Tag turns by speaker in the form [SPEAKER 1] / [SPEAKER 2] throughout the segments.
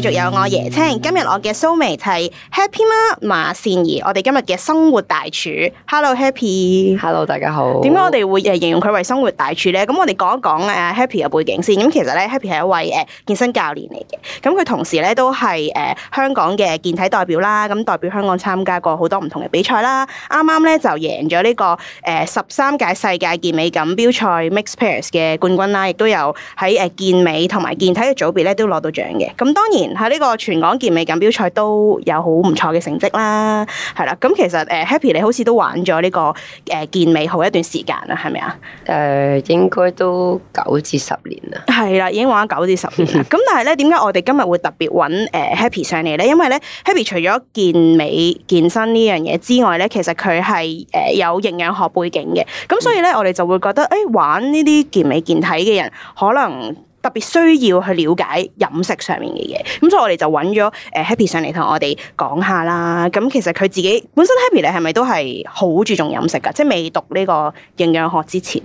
[SPEAKER 1] 繼續有我爺青，今日我嘅 show mate 係 Happy Ma，馬倩宜，我哋今日嘅生活大廚，Hello Happy，Hello 大家好。點解我哋會誒形容佢為生活大廚咧？咁我哋講一講誒 Happy 嘅背景先。咁其實咧，Happy 係一位誒健身教練嚟嘅，咁佢同時咧都係誒香港嘅健體代表啦，咁代表香港參加過好多唔同嘅比賽啦。啱啱咧就贏咗呢個誒十三屆世界健美錦標賽 Mixed Pairs 嘅冠軍啦，亦都有喺誒健美同埋健體嘅組別咧都攞到獎嘅。咁當然。喺呢、啊呢個全港健美錦標賽都有好唔錯嘅成績啦，係啦。咁其實誒 Happy 你好似都玩咗呢個誒健美好一段時間啦，係咪啊？誒、呃、應該都九至十年啦。係啦，已經玩咗九至十年。咁 但係咧，點解我哋今日會特別揾 Happy 上嚟咧？因為咧，Happy 除咗健美健身呢樣嘢之外咧，其實佢係誒有營養學背景嘅。咁所以咧，嗯、我哋就會覺得誒、哎、玩呢啲健美健體嘅人可能，特別需要去了解飲食上面嘅嘢，咁所以我哋就揾咗誒 Happy 上嚟同我哋講下啦。咁其實佢自己本身 Happy 你係咪都係好注重飲食㗎？即係未讀呢個營養學之前，誒、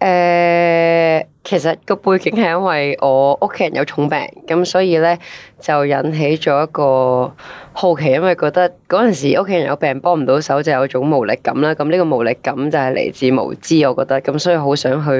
[SPEAKER 1] 呃。
[SPEAKER 2] 其實個背景係因為我屋企人有重病，咁所以咧就引起咗一個好奇，因為覺得嗰陣時屋企人有病幫唔到手就有種無力感啦。咁呢個無力感就係嚟自無知，我覺得咁，所以好想去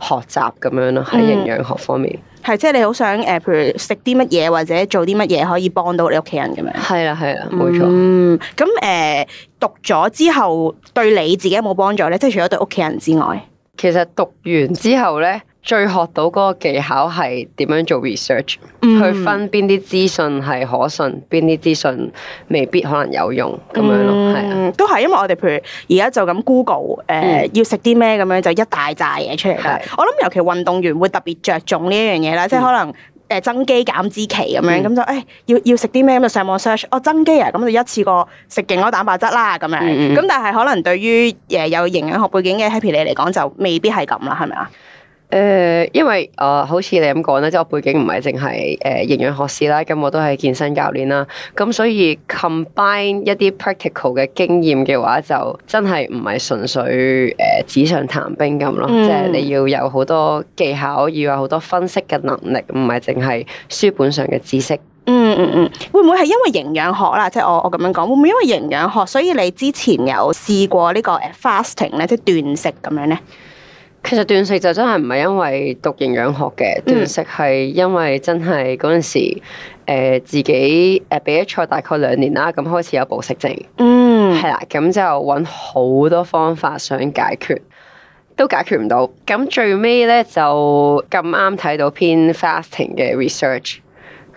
[SPEAKER 2] 學習
[SPEAKER 1] 咁樣咯，喺營養學方面。係即係你好想誒，譬如食啲乜嘢或者做啲乜嘢可以幫到你屋企人咁樣？係啦，係啦，冇錯。嗯，咁誒讀咗之後對你自己有冇幫助咧？即係除咗對屋企人之外，其實讀完之後咧。
[SPEAKER 2] 最學到嗰個技巧係點樣做 research，去分邊啲資訊
[SPEAKER 1] 係可信，邊啲資訊未必可能有用咁樣咯。係啊，都係因為我哋譬如而家就咁 Google，誒要食啲咩咁樣就一大扎嘢出嚟啦。我諗尤其運動員會特別着重呢一樣嘢啦，即係可能誒增肌減脂期咁樣，咁就誒要要食啲咩咁就上網 search。哦，增肌啊，咁就一次過食勁多蛋白質啦咁樣。咁但係可能對於誒有營養學背景嘅 Happy 你嚟講就未必係咁啦，係咪啊？
[SPEAKER 2] 誒、呃，因為誒、呃，好似你咁講啦，即係我背景唔係淨係誒營養學士啦，咁我都係健身教練啦，咁所以 combine 一啲 practical 嘅經驗嘅話，就真係唔係純粹誒紙上談兵咁咯，即係、嗯、你要有好多技巧，要有好多分析嘅能力，唔係淨係書本上嘅知識。嗯嗯
[SPEAKER 1] 嗯，會唔會係因為營養學啦？即係我我咁樣講，會唔會因為營養學，所以你之前有試過個 ing，呢個誒 fasting 咧，即係斷食咁樣咧？其實斷食就真係唔係因
[SPEAKER 2] 為讀營養學嘅，嗯、斷食係因為真係嗰陣時，誒、呃、自己誒、呃、比賽大概兩年啦，咁開始有暴食症，嗯，係啦，咁就搵好多方法想解決，都解決唔到，咁最尾呢，就咁啱睇到篇 fasting 嘅 research，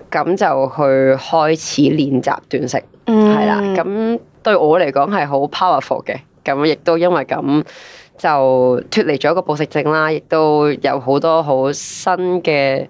[SPEAKER 2] 咁就去開始練習斷食，係啦、嗯，咁對我嚟講係好 powerful 嘅，咁亦都因為咁。就脫離咗一個暴食症啦，亦都有好多好新嘅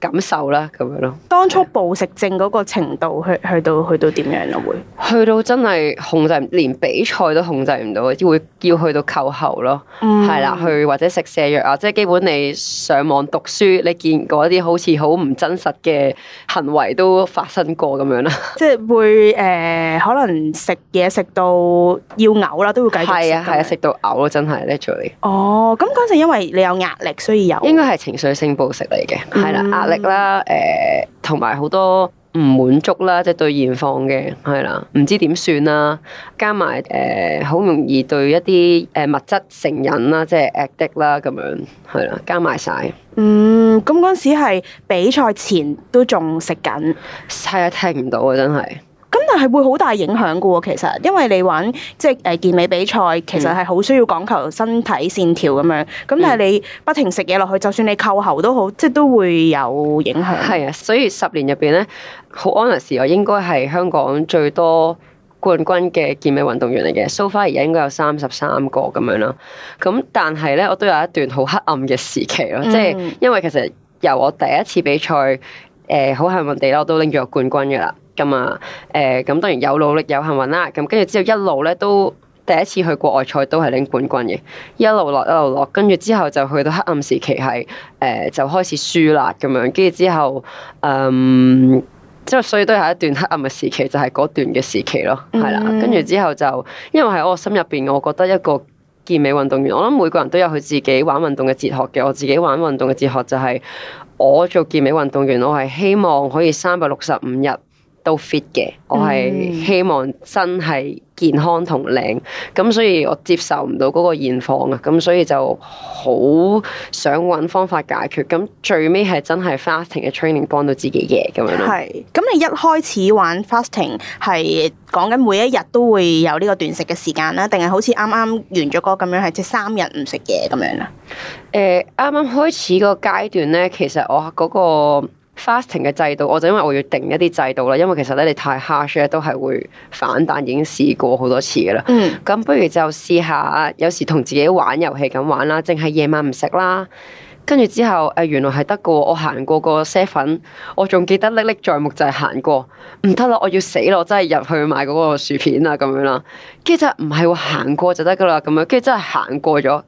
[SPEAKER 2] 感受啦，咁樣咯。
[SPEAKER 1] 當初暴食症嗰個
[SPEAKER 2] 程度，去去到去到點樣咯？會去到真係控制，連比賽都控制唔到，會要去到扣喉咯。係啦、嗯，去或者食瀉藥啊，即係基本上你上網讀書，你見過一啲好似好唔真實嘅行為都發生
[SPEAKER 1] 過咁樣啦。即係會誒，可能食嘢食到要嘔、呃、啦，都會繼續食。係啊係啊，食到嘔咯，真係、呃。o、呃、哦，咁嗰陣因為你有壓力，所以有。應該係情緒性暴食嚟嘅，係啦、嗯。嗯力啦，誒、嗯，
[SPEAKER 2] 同埋好多唔滿足啦，即係對現況嘅係啦，唔知點算啦，加埋誒，好容易對一啲誒物質成癮啦，即係 addict 啦，咁樣係啦，加埋
[SPEAKER 1] 晒。嗯，咁嗰陣時係比賽前都仲食緊，係啊，聽唔到啊，真係。但係會好大影響噶喎，其實，因為你玩即係健美比賽，嗯、其實係好需要講求身體線條咁樣，咁、嗯、但係你不停食嘢落去，就算你扣喉都好，即係都會有影響。係啊，所以十年入邊咧，好
[SPEAKER 2] honest 啊，我應該係香港最多冠軍嘅健美運動員嚟嘅，so far 而家應該有三十三個咁樣啦。咁但係咧，我都有一段好黑暗嘅時期咯，嗯、即係因為其實由我第一次比賽。誒好、呃、幸運地啦，我都拎咗冠軍嘅啦。咁、呃、啊，誒、呃、咁當然有努力有幸運啦。咁跟住之後一路咧都第一次去國外賽都係拎冠軍嘅，一路落一路落，跟住之後就去到黑暗時期係誒、呃、就開始輸啦咁樣。跟住之後嗯，即係所以都係一段黑暗嘅時期，就係、是、嗰段嘅時期咯，係啦。跟住之後就因為喺我心入邊，我覺得一個。健美運動員，我諗每個人都有佢自己玩運動嘅哲學嘅。我自己玩運動嘅哲學就係我做健美運動員，我係希望可以三百六十五日。都 fit 嘅，我係希望真係健康同靚，咁、嗯、所以我接受唔到嗰個現況啊，咁所以就好想揾方法解決，咁最尾係真係 fasting 嘅 training 幫到自己嘢咁樣咯。係，
[SPEAKER 1] 咁你一開始玩 fasting 係講緊每一日都會有呢個斷食嘅時間啦，定係好似啱啱完咗嗰咁樣係即三日唔食嘢咁樣咧？誒、呃，啱啱開
[SPEAKER 2] 始個階段呢，其實我嗰、嗰個。fasting 嘅制度，我就因為我要定一啲制度啦，因為其實咧你太 hard 咧都係會反彈，已經試過好多次嘅啦。咁、嗯、不如就試下，有時同自己玩遊戲咁玩啦，淨係夜晚唔食啦。跟住之後，誒原來係得嘅喎，我行過個 Seven，我仲記得歷歷在目就係行過，唔得啦，我要死啦，我真係入去買嗰個薯片啦咁樣啦。跟住真係唔係話行過就得嘅啦，咁樣跟住真係行過咗，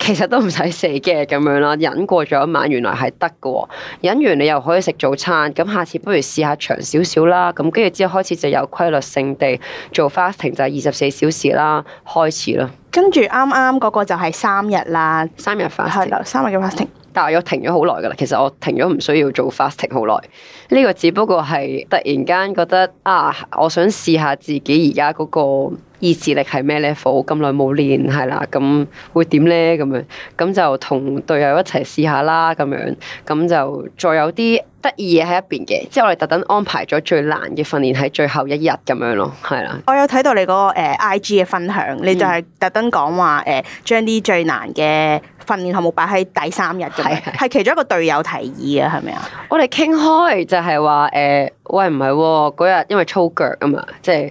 [SPEAKER 2] 其實都唔使死嘅咁樣啦，忍過咗一晚，原來係得嘅喎，忍完你又可以食早餐，咁下次不如試下長少少啦，咁跟住之後開始就有規律性地做 fasting 就係二十四小時啦，開始啦。
[SPEAKER 1] 跟住啱啱嗰個就係三日啦，三日 fasting 係啦，三日嘅 fasting。但
[SPEAKER 2] 係我停咗好耐噶啦，其實我停咗唔需要做 fasting 好耐。呢、呢個只不過係突然間覺得啊，我想試下自己而家嗰個。意志力係咩 level？咁耐冇練，係啦，咁會點呢？咁樣咁就同隊友一齊試下啦，咁樣咁就再有啲得意嘢喺一邊嘅。即係我哋特登安排咗最難嘅訓練喺最後一日咁樣咯，係啦。
[SPEAKER 1] 我有睇到你、嗰個誒、uh, IG 嘅分享，你就係特登講話誒，將、uh, 啲最難嘅訓練項目擺喺第三日嘅，係、嗯、其中一個隊友提議啊，係咪啊？我哋傾開就係話誒，uh, 喂，唔
[SPEAKER 2] 係嗰日因為操腳啊嘛，即係。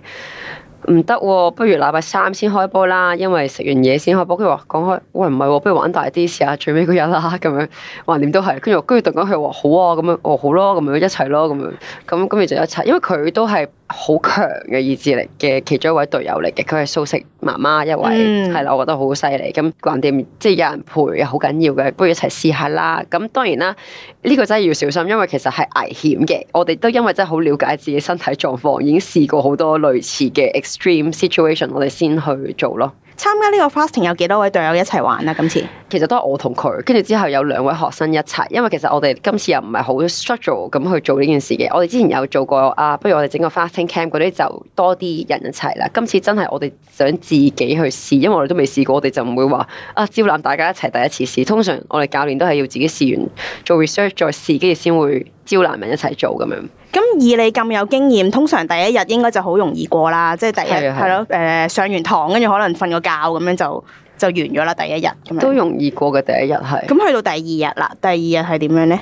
[SPEAKER 2] 唔得喎，不如禮拜三先開波啦，因為食完嘢先開波。佢話講開，喂，唔係喎，不如玩大啲，試下最尾嗰日啦咁樣。橫掂都係跟住跟住突然間佢話好啊，咁樣哦好咯，咁樣一齊咯，咁樣咁咁跟住就一齊，因為佢都係。好強嘅意志力嘅其中一位隊友嚟嘅，佢係素食媽媽一位，係啦、嗯，我覺得好犀利。咁橫掂即係有人陪，好緊要嘅，不如一齊試一下啦。咁當然啦，呢個真係要小心，因為其實係危險嘅。我哋都因為真係好了解自己身體狀況，已經試過好多類似嘅 extreme situation，我哋先去做咯。參加呢個 fasting 有幾多位隊友一齊玩啊？今次其實都係我同佢，跟住之後有兩位學生一齊。因為其實我哋今次又唔係好 structured 咁去做呢件事嘅。我哋之前有做過啊，不如我哋整個 fasting camp 嗰啲就多啲人一齊啦。今次真係我哋想自己去試，因為我哋都未試過，我哋就唔會話啊招攬大家一齊第一次試。通常我哋教練都係要自己試完做 research 再試，跟住先會招攬人一齊做咁樣。
[SPEAKER 1] 咁以你咁有經驗，通常第一日應該就好容易過啦，即係第一日係咯，誒上完堂跟住可能瞓個覺咁樣就就完咗啦，第一日咁都容易過嘅第一日係。咁去到第二日啦，
[SPEAKER 2] 第二日係點樣呢？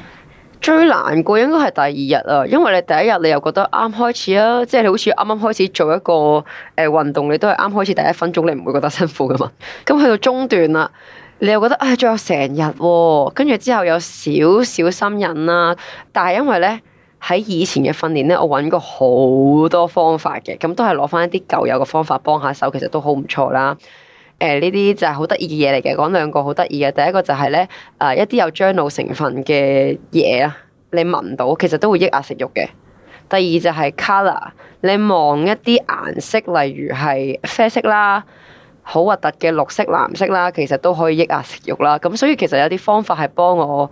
[SPEAKER 2] 最難過應該係第二日啊，因為你第一日你又覺得啱開始啊，即係你好似啱啱開始做一個誒運動，你都係啱開始第一分鐘你唔會覺得辛苦噶嘛。咁去到中段啦，你又覺得、哎、啊，仲有成日，跟住之後有少少心癮啊，但係因為呢。喺以前嘅訓練咧，我揾過好多方法嘅，咁都係攞翻一啲舊有嘅方法幫下手，其實都好唔錯啦。誒、呃，呢啲就係好得意嘅嘢嚟嘅，講兩個好得意嘅，第一個就係、是、咧，誒、呃、一啲有樟 o 成分嘅嘢啊，你聞到其實都會抑壓食欲嘅。第二就係 color，你望一啲顏色，例如係啡色啦。好核突嘅綠色、藍色啦，其實都可以抑壓食慾啦。咁所以其實有啲方法係幫我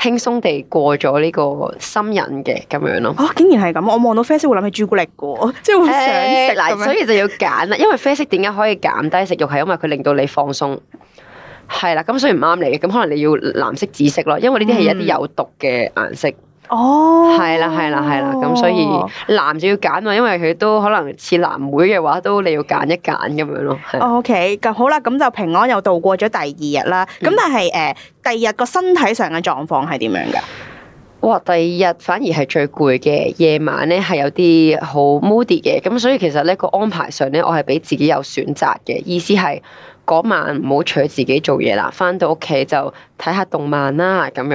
[SPEAKER 2] 輕鬆地過咗呢個心癮嘅咁樣咯。啊、哦，竟然係咁！我望到啡色會諗起朱古力嘅喎，即係會想食咁、欸、所以就要揀啦，因為啡色點解可以減低食慾係因為佢令到你放鬆。係啦，咁所以唔啱你嘅，咁可能你要藍色、紫色咯，因為呢啲係一啲有毒嘅顏色。嗯哦，係啦係啦係啦，咁所以男就要揀嘛，因為佢都可能似男會嘅話，都你要揀一揀咁樣咯。哦、oh，OK，
[SPEAKER 1] 咁好啦，咁就平安又度過咗第二日啦。咁但係誒，嗯、第二日個身體上嘅狀況係點樣㗎？
[SPEAKER 2] 哇，第二日反而係最攰嘅，夜晚咧係有啲好 moody 嘅，咁所以其實咧、這個安排上咧，我係俾自己有選擇嘅，意思係。嗰晚唔好除自己做嘢啦，翻到屋企就睇下動漫啦咁樣，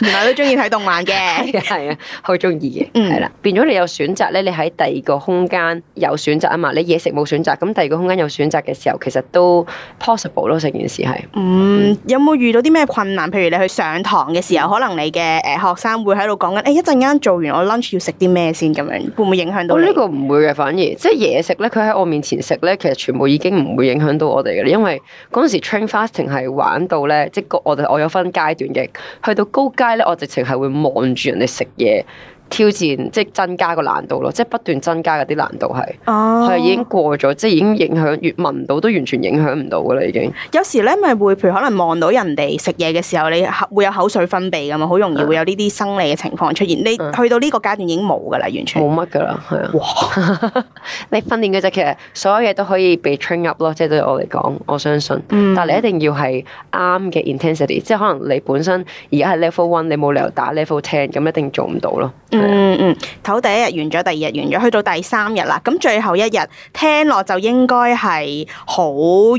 [SPEAKER 1] 然後都中意睇動漫嘅，係
[SPEAKER 2] 啊好中意嘅，係啦、嗯。變咗你有選擇咧，你喺第二個空間有選擇啊嘛，你嘢食冇選擇，咁第二個空間有選擇嘅時候，其實都 possible 咯，成件事係。嗯，
[SPEAKER 1] 嗯有冇遇到啲咩困難？譬如你去上堂嘅時候，可能你嘅誒學生會喺度講緊，誒一陣間做完我 lunch 要食啲咩先咁樣，會唔會影響到你？我呢、哦呢個唔會嘅，反而即係嘢食咧，佢喺我面前食咧，其實全部已經唔會影
[SPEAKER 2] 響到我哋。因為嗰陣時 train fasting 係玩到咧，即係我我有分階段嘅，去到高階咧，我直情係會望住人哋食嘢。挑戰即係增加個難度咯，即係不斷增加嗰啲難度係，
[SPEAKER 1] 係、oh. 已經
[SPEAKER 2] 過咗，即係已經影響越聞唔到，都完
[SPEAKER 1] 全影響唔到噶啦已經。有時咧咪會，譬如可能望到人哋食嘢嘅時候，你會有口水分泌噶嘛，好容易會有呢啲生理嘅情況出現。Yeah. 你去到呢個階段已經冇噶啦，完全冇乜噶啦，係啊。哇 你訓練嘅啫，其實所有嘢都可以被 train up 咯，即係對我
[SPEAKER 2] 嚟講，我相信。Mm. 但係你一定要係啱嘅 intensity，即係可能你本身而
[SPEAKER 1] 家係 level one，你冇理由打 level ten 咁，一定做唔到咯。Mm. 嗯嗯，頭第一日完咗，第二日完咗，去到第三日啦。咁最後一日聽落就應該係好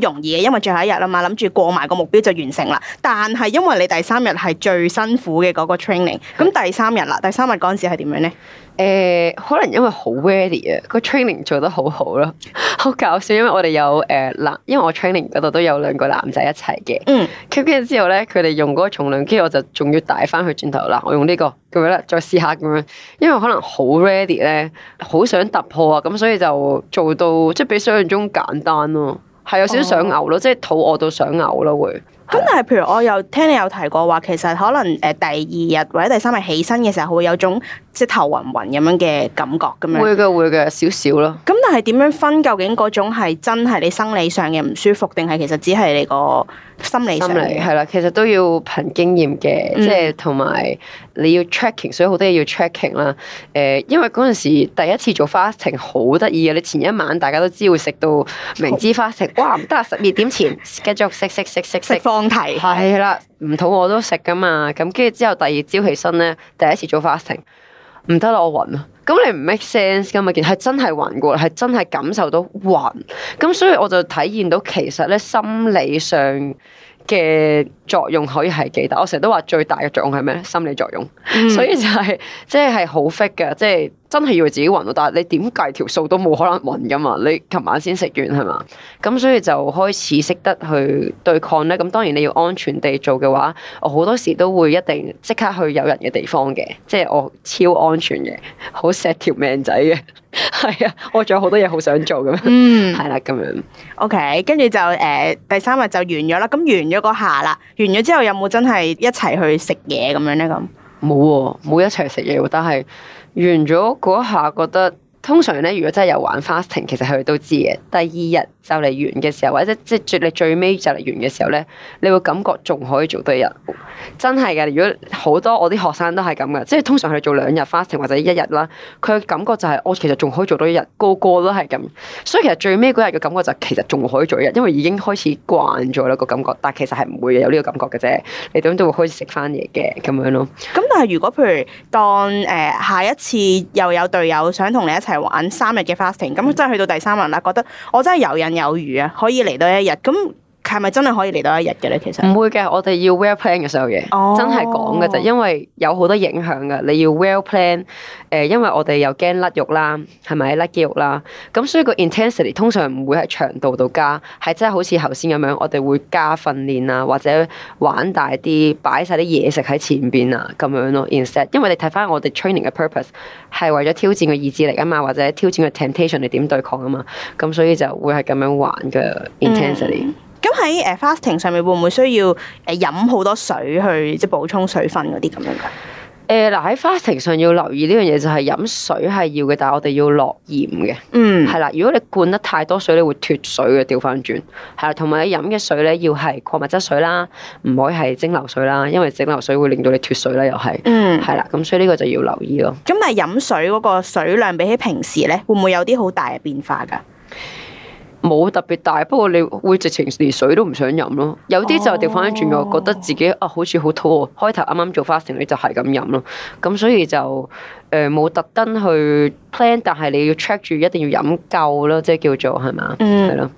[SPEAKER 1] 容易嘅，因為最後一日啦嘛，諗住過埋個目標就完成啦。但係因為你第三日係最辛苦嘅嗰個 training，咁第三日啦，是的 第三日嗰陣時係點樣呢？誒、欸，可能因為好 ready 啊，個 training 做得好好咯，好 搞笑，因為我哋有誒男，呃，
[SPEAKER 2] 因為我 training 嗰度都有兩個男仔一齊嘅。嗯 keep 跟住之後咧，佢哋用嗰個重量機，跟住我就仲要帶翻去轉頭啦。我用呢，這個咁樣咧，再試下咁樣，因為可能好 ready 咧，好想突破啊，咁所以就做到即係比想象中簡單咯，啊，係有少少想
[SPEAKER 1] 嘔咯，哦，即係肚餓到想嘔咯會。咁但係，譬如我有聽你有提過話，其實可能誒第二日或者第三日起身嘅時候，會有種即係頭暈暈咁樣嘅感覺咁樣會。會嘅，會嘅，少少咯。咁但係點樣分？究竟嗰種係真係你生理上嘅唔舒服，定係其實只係你個？心理上係啦，其實都要憑經驗嘅，
[SPEAKER 2] 嗯、即係同埋你要 tracking，所以好多嘢要 tracking 啦。誒、呃，因為嗰陣時第一次做 fasting，好得意嘅，你前一晚大家都知會食到明知 fasting， 哇，唔得啊！十二點前繼續食食食食食放題係啦，唔肚餓我都食㗎嘛。咁跟住之後第二朝起身咧，第一次做 fasting，唔得啦，我暈啊！咁你唔 make sense 㗎嘛？件係真係暈過嚟，係真係感受到暈。咁所以我就體驗到其實咧，心理上嘅作用可以係幾大。我成日都話最大嘅作用係咩咧？心理作用。 所以就係即係係好 fit 嘅，即係。即真係以為自己暈到，但係你點計條數都冇可能暈噶嘛？你琴晚先食完係嘛？咁所以就開始識得去對抗咧。咁當然你要安全地做嘅話，我好多時都會一定即刻去有人嘅地方嘅，即係我超安全嘅，好錫條命仔
[SPEAKER 1] 嘅。係 啊，我仲有好多嘢好想做咁、嗯 啊、樣，係啦咁樣。OK，跟住就誒第三日就完咗啦。咁完咗嗰下啦，完咗之後有冇真係一齊去食嘢咁樣呢？咁冇喎，冇一齊食嘢喎，但係，完咗嗰下，覺
[SPEAKER 2] 得。通常咧，如果真係有玩 fasting，其實佢哋都知嘅。第二日就嚟完嘅時候，或者即係最你最尾就嚟完嘅時候咧，你會感覺仲可以做多一日，真係嘅。如果好多我啲學生都係咁嘅，即係通常佢做兩日 fasting 或者一日啦，佢嘅感覺就係我，哦，其實仲可以做多一日，個個都係咁。所以其實最尾嗰日嘅感覺就係其實仲可以做一日，因為已經開始慣咗啦個感覺，但其實係唔會有呢個感覺嘅啫，你點都會開始食翻嘢嘅咁樣咯。
[SPEAKER 1] 咁但係如果譬如當誒、呃、下一次又有隊友想同你一齊。係玩三日嘅 fasting，咁真係去到第三日啦，覺得我真係游刃有餘啊，可以嚟到一日咁。係咪真係可以嚟到一日嘅咧？其實唔會嘅，我哋要 well plan 嘅所有嘢，oh. 真係講㗎咋，
[SPEAKER 2] 因為有好多影響噶，你要 well plan、呃。誒，因為我哋又驚甩肉啦，係咪甩肌肉啦？咁所以個 intensity 通常唔會係長度度加，係真係好似頭先咁樣，我哋會加訓練啊，或者玩大啲，擺晒啲嘢食喺前邊啊，咁樣咯。Instead，因為你睇翻我哋 training 嘅 purpose 係為咗挑戰個意志力啊嘛，或者挑戰個 temptation 你點對抗啊嘛。咁所以就會係咁樣玩嘅 intensity。
[SPEAKER 1] Mm. 咁喺誒 fasting 上面會唔會需要誒飲好多水去即係補充水分嗰啲咁樣嘅？誒嗱喺 fasting 上要留意呢樣嘢就係飲水係要嘅，但
[SPEAKER 2] 係我哋要落鹽嘅。嗯，係啦，如果你灌得太多水，你會脫水嘅，掉翻轉。係啦，同埋你飲嘅水咧要係礦物質水啦，唔可以係蒸餾水啦，因為蒸餾水會令到你脫水啦，又係。嗯，係啦，咁所以呢個就要留意咯。
[SPEAKER 1] 咁、嗯嗯、但係飲水嗰個水量比起平時咧，會唔會有啲好大嘅變化㗎？冇特別大，不過你
[SPEAKER 2] 會直情連水都唔想飲咯。有啲就調翻轉，又覺得自己啊好似好肚餓。開頭啱啱做 fasting，你就係咁飲咯。咁所以就～誒冇、呃、特登去 plan，
[SPEAKER 1] 但係你要 check 住一定要飲夠咯，即係叫做係嘛？嗯，係咯了。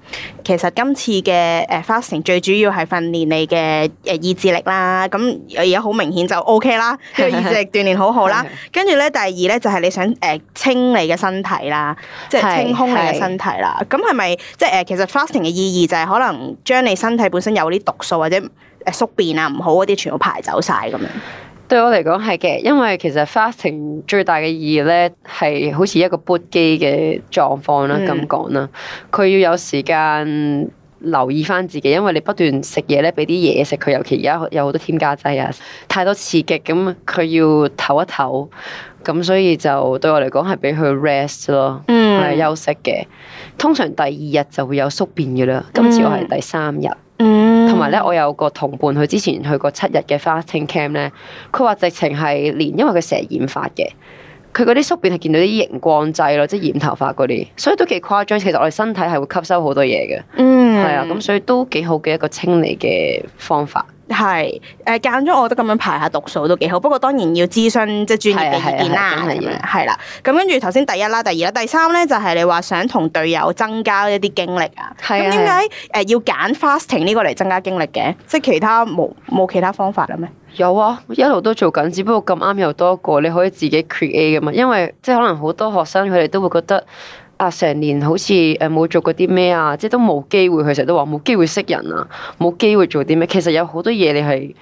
[SPEAKER 1] 其實今次嘅誒、uh, fasting 最主要係訓練你嘅誒意志力啦。咁而家好明顯就 OK 啦， 意志力鍛鍊好好啦。跟住咧，第二咧就係、是、你想誒、uh, 清你嘅身體啦， 即係清空你嘅身體啦。咁係咪即係誒？其實 fasting 嘅意義就係可能將你身體本身有啲毒素或者誒宿便啊唔好嗰啲全部排走晒咁樣。
[SPEAKER 2] 對我嚟講係嘅，因為其實 fasting 最大嘅意義咧係好似一個 boot 機嘅狀況啦，咁講啦，佢要有時間留意翻自己，因為你不斷食嘢咧，俾啲嘢食佢，尤其而家有好多添加劑啊，太多刺激咁，佢要唞一唞，咁所以就對我嚟講係俾佢 rest 咯、嗯，係休息嘅。通常第二日就會有宿便嘅啦，今次我係第三日。嗯嗯嗯，同埋咧，我有個同伴，佢之前去過七日嘅 fasting camp 咧，佢話直情係連，因為佢成日染髮嘅，佢啲宿便係見到啲熒光劑咯，即係染頭髮啲，所以都幾誇張，其實我哋身體係會吸收好多嘢嘅，嗯，係啊，咁
[SPEAKER 1] 所以都幾好嘅一個清理嘅方法。係，誒、呃、間中，我覺得咁樣排下毒素都幾好。不過當然要諮詢即係、就是、專業嘅意見啦。咁係啦。咁、啊啊啊、跟住頭先第一啦，第二啦，第三咧就係、是、你話想同隊友增加一啲經歷啊。咁點解誒要揀 fasting 呢個嚟增加經歷嘅？即係其他冇冇其他方法嘅咩？有啊，
[SPEAKER 2] 一路都做緊，只不過咁啱又多個你可以自己 create 㗎嘛。因為即係可能好多學生佢哋都會覺得。啊！成年好似誒冇做過啲咩啊，即係都冇機會。佢成日都話冇機會識人啊，冇機會做啲咩。其實有好多嘢你係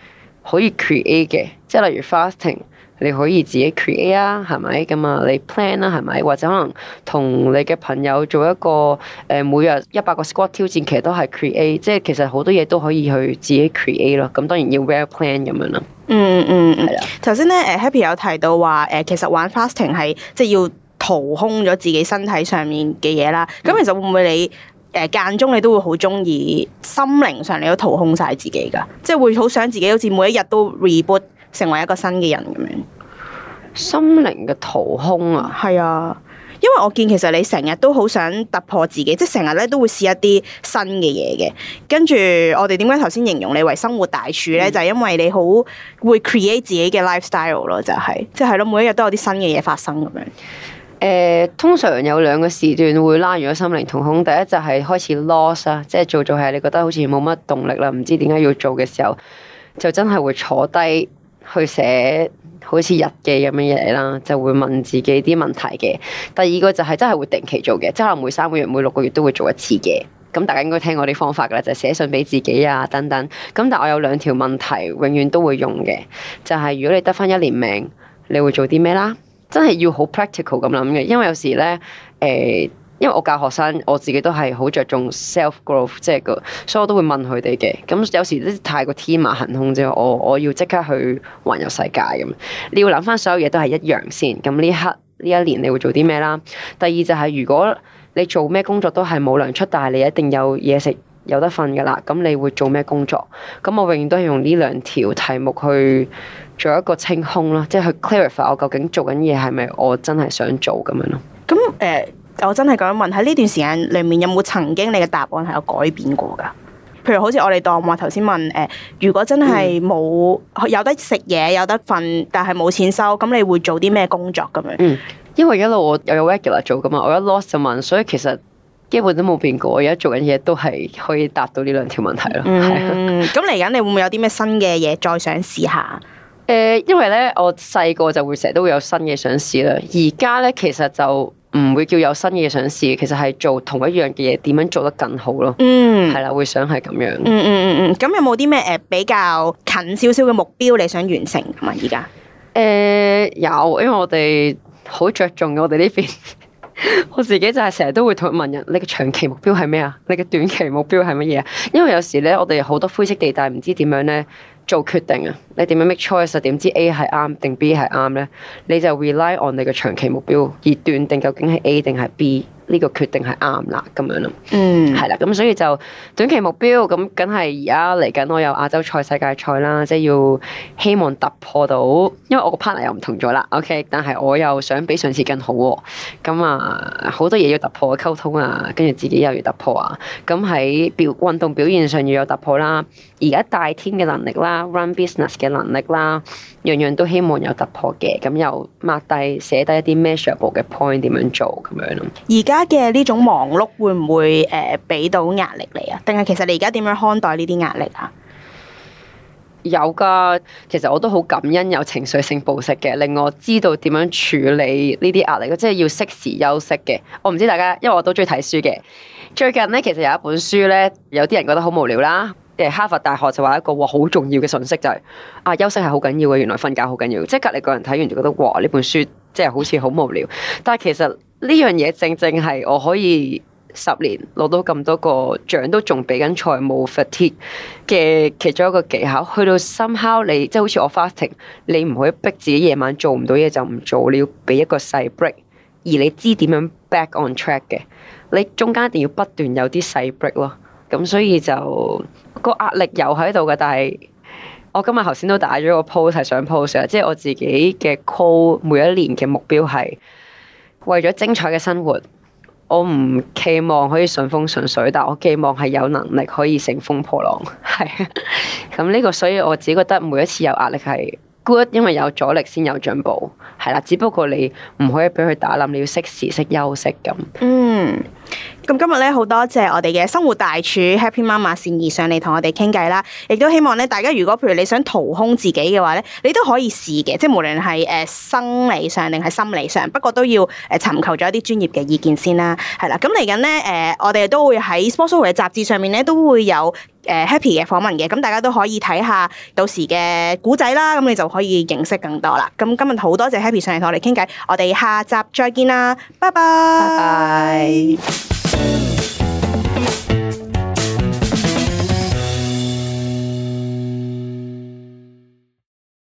[SPEAKER 2] 可以 create 嘅，即係例如 fasting，你可以自己 create 啊，係咪咁啊？你 plan 啦，係咪？或者可能同你嘅朋友做一個誒、呃、每日一百個 squat 挑戰，其實都係 create。即係其實好多嘢都可以去自己 create 咯。咁當然要 well plan 咁樣啦、嗯。嗯嗯
[SPEAKER 1] 嗯，係啦的。頭先咧，誒 Happy 有提到話誒，其實玩 fasting 係即係要掏空咗自己身體上面嘅嘢啦，咁其實會唔會你誒間中你都會好中意心靈上你都掏空晒自己噶？即係會好想自己好似每一日都 reboot 成為一個新嘅人咁樣。心靈嘅掏空啊，係啊，因為我見其實你成日都好想突破自己，即係成日咧都會試一啲新嘅嘢嘅。跟住我哋點解頭先形容你為生活大廚咧？嗯、就係因為你好會 create 自己嘅 lifestyle 咯，就係、即係咯，每一日都有啲新嘅嘢發生咁樣。誒，
[SPEAKER 2] 通常有兩個時段會拉住我心靈同痛。第一就係開始 loss 啦，即係做做下，你覺得好似冇乜動力啦，唔知點解要做嘅時候，就真係會坐低去寫好似日記咁嘅嘢啦，就會問自己啲問題嘅。第二個就係真係會定期做嘅，即係可能每三個月、每六個月都會做一次嘅。咁大家應該聽過啲方法㗎啦，就係、是、寫信俾自己啊等等。咁但係我有兩條問題永遠都會用嘅，就係、是、如果你得翻一年命，你會做啲咩啦？真係要好 practical 咁諗嘅，因為有時呢，誒、呃，因為我教學生，我自己都係好着重 self growth，即係個，所以我都會問佢哋嘅。咁有時啲太過天馬行空啫，我我要即刻去環遊世界咁。你要諗翻所有嘢都係一樣先。咁呢刻呢一年你會做啲咩啦？第二就係如果你做咩工作都係冇糧出，但係你一定有嘢食有得瞓噶啦，咁你會做咩工作？咁我永遠都係用呢兩條題目去。做一個清空啦，即係去 clarify 我究竟做緊嘢係咪我真係想做咁樣咯。
[SPEAKER 1] 咁誒、呃，我真係咁樣問，喺呢段時間裡面，有冇曾經你嘅答案係有改變過㗎？譬如好似我哋當話頭先問誒、呃，如果真係冇有、嗯、有得食嘢，有得瞓，但係冇錢收，咁你會做啲咩工作咁樣？嗯，因為一路我又有 regular
[SPEAKER 2] 做噶嘛，我一 lost 就問，所以其實基本都冇變過。而家做緊嘢都係可以答
[SPEAKER 1] 到呢兩條問題咯。嗯，咁嚟緊你會唔會有啲咩新嘅嘢再想試下？
[SPEAKER 2] 誒、呃，因為咧，我細個就會成日都會有新嘅想試啦。而家咧，其實就唔會叫有新嘅想試，其實係做同一樣嘅嘢，點樣做得更好咯、嗯嗯。嗯，係啦，會想係咁樣。嗯
[SPEAKER 1] 嗯嗯嗯。咁、嗯嗯、有冇啲咩誒比較近少少嘅目標你想完成咁啊？而家
[SPEAKER 2] 誒有，因為我哋好着重嘅我哋呢邊， 我自己就係成日都會問人：你嘅長期目標係咩啊？你嘅短期目標係乜嘢啊？因為有時咧，我哋好多灰色地帶，唔知點樣咧，.做決定啊！你點樣 make choice 啊？點知 A 係啱定 B 係啱咧？你就 rely on 你嘅長期目標，而斷定究竟係 A 定係 B。呢個決定係啱啦，咁樣咯，嗯，係啦，咁所以就短期目標咁，梗係而家嚟緊我有亞洲賽、世界賽啦，即係要希望突破到，因為我個 partner 又唔同咗啦，OK，但係我又想比上次更好，啊，咁啊好多嘢要突破，溝通啊，跟住自己又要突破啊，咁喺表運動表現上要有突破啦，而家帶 team 嘅能力啦，run business 嘅能力啦。樣樣都希望有突破嘅，咁又抹低寫低一啲 measurable 嘅 point，點樣做咁樣咯？
[SPEAKER 1] 而家嘅呢種忙碌會唔會誒俾、呃、到壓力你啊？定係其實你而家點樣看待呢啲壓力啊？有噶，其實我都好感
[SPEAKER 2] 恩有情緒性暴食嘅，令我知道點樣處理呢啲壓力，即係要適時休息嘅。我唔知大家，因為我都中意睇書嘅。最近呢，其實有一本書呢，有啲人覺得好無聊啦。嘅哈佛大學就話一個好重要嘅信息就係啊休息係好緊要嘅，原來瞓覺好緊要。即係隔離個人睇完就覺得哇呢本書即係好似好無聊，但係其實呢樣嘢正正係我可以十年攞到咁多個獎都仲俾緊財務 fatigue 嘅其中一個技巧。去到 somehow 你即係好似我 fasting，你唔可以逼自己夜晚做唔到嘢就唔做，你要俾一個細 break，而你知點樣 back on track 嘅，你中間一定要不斷有啲細 break 咯。咁所以就個壓力又喺度嘅，但係我今日頭先都打咗個 pose 係想 pose 啦，即係我自己嘅 call 每一年嘅目標係為咗精彩嘅生活，我唔期望可以順風順水，但我期望係有能力可以乘風破浪。係咁呢個，所以我自己覺得每一次有壓力係。Good，因為有阻力先有進步，係啦。只不過你唔可以俾佢打冧，你要識時識
[SPEAKER 1] 休息咁。嗯，咁今日咧好多謝我哋嘅生活大廚 Happy 媽媽善意上嚟同我哋傾偈啦，亦都希望咧大家如果譬如你想掏空自己嘅話咧，你都可以試嘅，即係無論係誒生理上定係心理上，不過都要誒尋求咗一啲專業嘅意見先啦。係啦，咁嚟緊咧誒，我哋都會喺 Sportsoho 雜誌上面咧都會有誒 Happy 嘅訪問嘅，咁大家都可以睇下到時嘅古仔啦，咁你就，可以認識更多啦！咁今日好多謝 Happy 上嚟同我哋傾偈，我哋下集再見啦，拜拜。Bye bye